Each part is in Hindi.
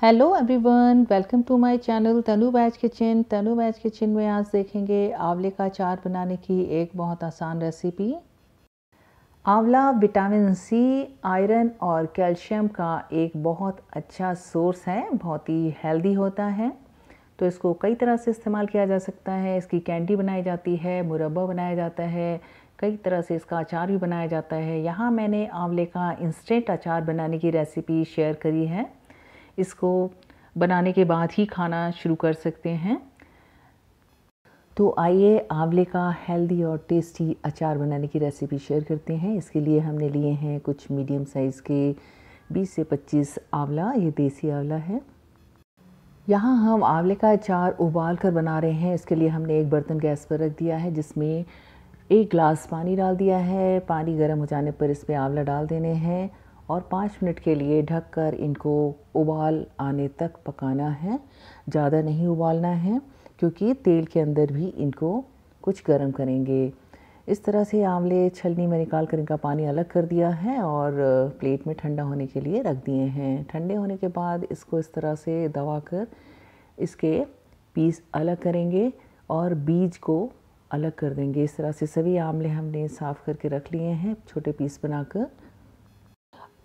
hello everyone welcome to my channel Tanu batch kitchen Tanu batch kitchen में आज देखेंगे आंवले का अचार बनाने की एक बहुत आसान रेसिपी आंवला विटामिन सी आयरन और कैल्शियम का एक बहुत अच्छा सोर्स है बहुत ही हेल्दी होता है तो इसको कई तरह से इस्तेमाल किया जा सकता है इसकी कैंडी बनाई जाती है मुरबा बनाया जाता है कई तरह से इसका अचार भी बनाया जाता है यहाँ मैंने आंवले का इंस्टेंट अचार बनाने की रेसिपी शेयर करी है इसको बनाने के बाद ही खाना शुरू कर सकते हैं तो आइए आंवले का हेल्दी और टेस्टी अचार बनाने की रेसिपी शेयर करते हैं इसके लिए हमने लिए हैं कुछ मीडियम साइज़ के 20 से 25 आंवला ये देसी आंवला है यहाँ हम आंवले का अचार उबाल कर बना रहे हैं इसके लिए हमने एक बर्तन गैस पर रख दिया है जिसमें एक ग्लास पानी डाल दिया है पानी गर्म हो जाने पर इसमें आंवला डाल देने हैं और पाँच मिनट के लिए ढककर इनको उबाल आने तक पकाना है ज़्यादा नहीं उबालना है क्योंकि तेल के अंदर भी इनको कुछ गर्म करेंगे इस तरह से आंवले छलनी में निकाल कर इनका पानी अलग कर दिया है और प्लेट में ठंडा होने के लिए रख दिए हैं ठंडे होने के बाद इसको इस तरह से दबा कर इसके पीस अलग करेंगे और बीज को अलग कर देंगे इस तरह से सभी आंवले हमने साफ़ करके रख लिए हैं छोटे पीस बनाकर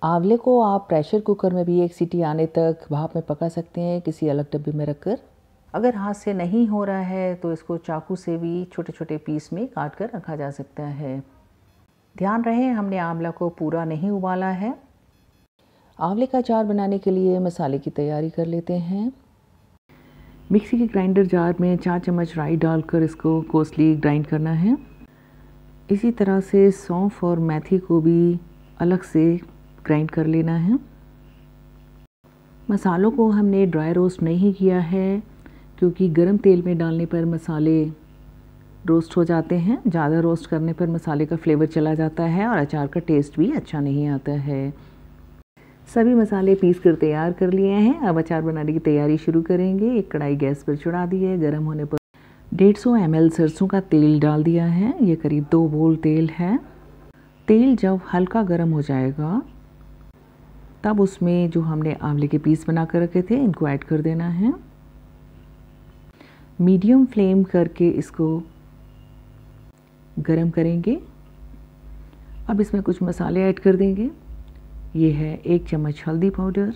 आंवले को आप प्रेशर कुकर में भी एक सीटी आने तक भाप में पका सकते हैं किसी अलग डब्बे में रखकर अगर हाथ से नहीं हो रहा है तो इसको चाकू से भी छोटे छोटे पीस में काट कर रखा जा सकता है ध्यान रहे हमने आंवला को पूरा नहीं उबाला है आंवले का अचार बनाने के लिए मसाले की तैयारी कर लेते हैं मिक्सी के ग्राइंडर जार में चार चम्मच राई डालकर इसको कोसली ग्राइंड करना है इसी तरह से सौंफ और मेथी को भी अलग से ग्राइंड कर लेना है मसालों को हमने ड्राई रोस्ट नहीं किया है क्योंकि गरम तेल में डालने पर मसाले रोस्ट हो जाते हैं ज़्यादा रोस्ट करने पर मसाले का फ्लेवर चला जाता है और अचार का टेस्ट भी अच्छा नहीं आता है सभी मसाले पीस कर तैयार कर लिए हैं अब अचार बनाने की तैयारी शुरू करेंगे एक कढ़ाई गैस पर चढ़ा दी है गर्म होने पर 150 एम सरसों का तेल डाल दिया है ये करीब दो बोल तेल है तेल जब हल्का गर्म हो जाएगा तब उसमें जो हमने आंवले के पीस बना कर रखे थे इनको ऐड कर देना है मीडियम फ्लेम करके इसको गरम करेंगे अब इसमें कुछ मसाले ऐड कर देंगे ये है एक चम्मच हल्दी पाउडर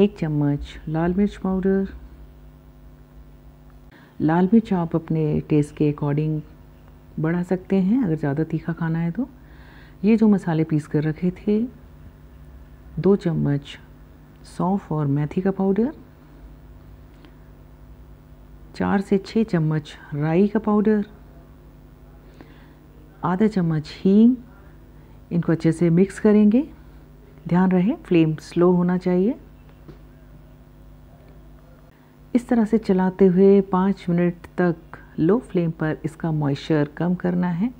एक चम्मच लाल मिर्च पाउडर लाल मिर्च आप अपने टेस्ट के अकॉर्डिंग बढ़ा सकते हैं अगर ज़्यादा तीखा खाना है तो ये जो मसाले पीस कर रखे थे दो चम्मच सौंफ और मेथी का पाउडर चार से छः चम्मच राई का पाउडर आधा चम्मच हींग इनको अच्छे से मिक्स करेंगे ध्यान रहे फ्लेम स्लो होना चाहिए इस तरह से चलाते हुए पाँच मिनट तक लो फ्लेम पर इसका मॉइस्चर कम करना है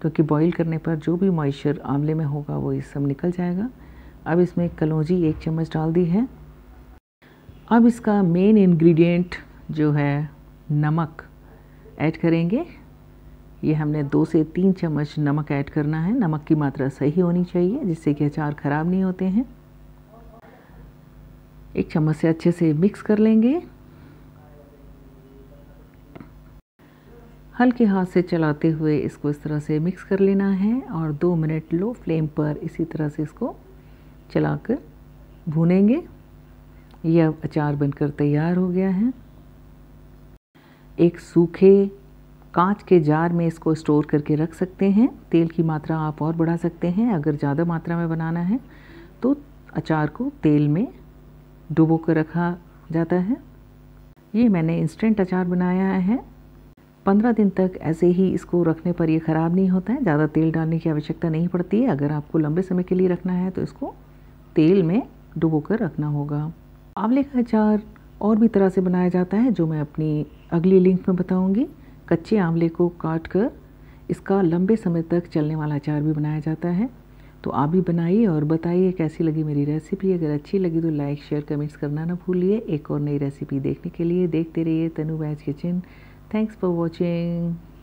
क्योंकि बॉईल करने पर जो भी मॉइस्चर आंवले में होगा वो इस सब निकल जाएगा अब इसमें कलौजी एक चम्मच डाल दी है अब इसका मेन इंग्रेडिएंट जो है नमक ऐड करेंगे ये हमने दो से तीन चम्मच नमक ऐड करना है नमक की मात्रा सही होनी चाहिए जिससे कि अचार ख़राब नहीं होते हैं एक चम्मच से अच्छे से मिक्स कर लेंगे हल्के हाथ से चलाते हुए इसको इस तरह से मिक्स कर लेना है और दो मिनट लो फ्लेम पर इसी तरह से इसको चलाकर भूनेंगे ये अब अचार बनकर तैयार हो गया है एक सूखे कांच के जार में इसको स्टोर करके रख सकते हैं तेल की मात्रा आप और बढ़ा सकते हैं अगर ज़्यादा मात्रा में बनाना है तो अचार को तेल में डुबो कर रखा जाता है ये मैंने इंस्टेंट अचार बनाया है पंद्रह दिन तक ऐसे ही इसको रखने पर यह ख़राब नहीं होता है ज़्यादा तेल डालने की आवश्यकता नहीं पड़ती है अगर आपको लंबे समय के लिए रखना है तो इसको तेल में डुबो कर रखना होगा आंवले का अचार और भी तरह से बनाया जाता है जो मैं अपनी अगली लिंक में बताऊंगी कच्चे आंवले को काट कर इसका लंबे समय तक चलने वाला अचार भी बनाया जाता है तो आप भी बनाइए और बताइए कैसी लगी मेरी रेसिपी अगर अच्छी लगी तो लाइक शेयर कमेंट्स करना ना भूलिए एक और नई रेसिपी देखने के लिए देखते रहिए Tanu veg kitchen thanks for watching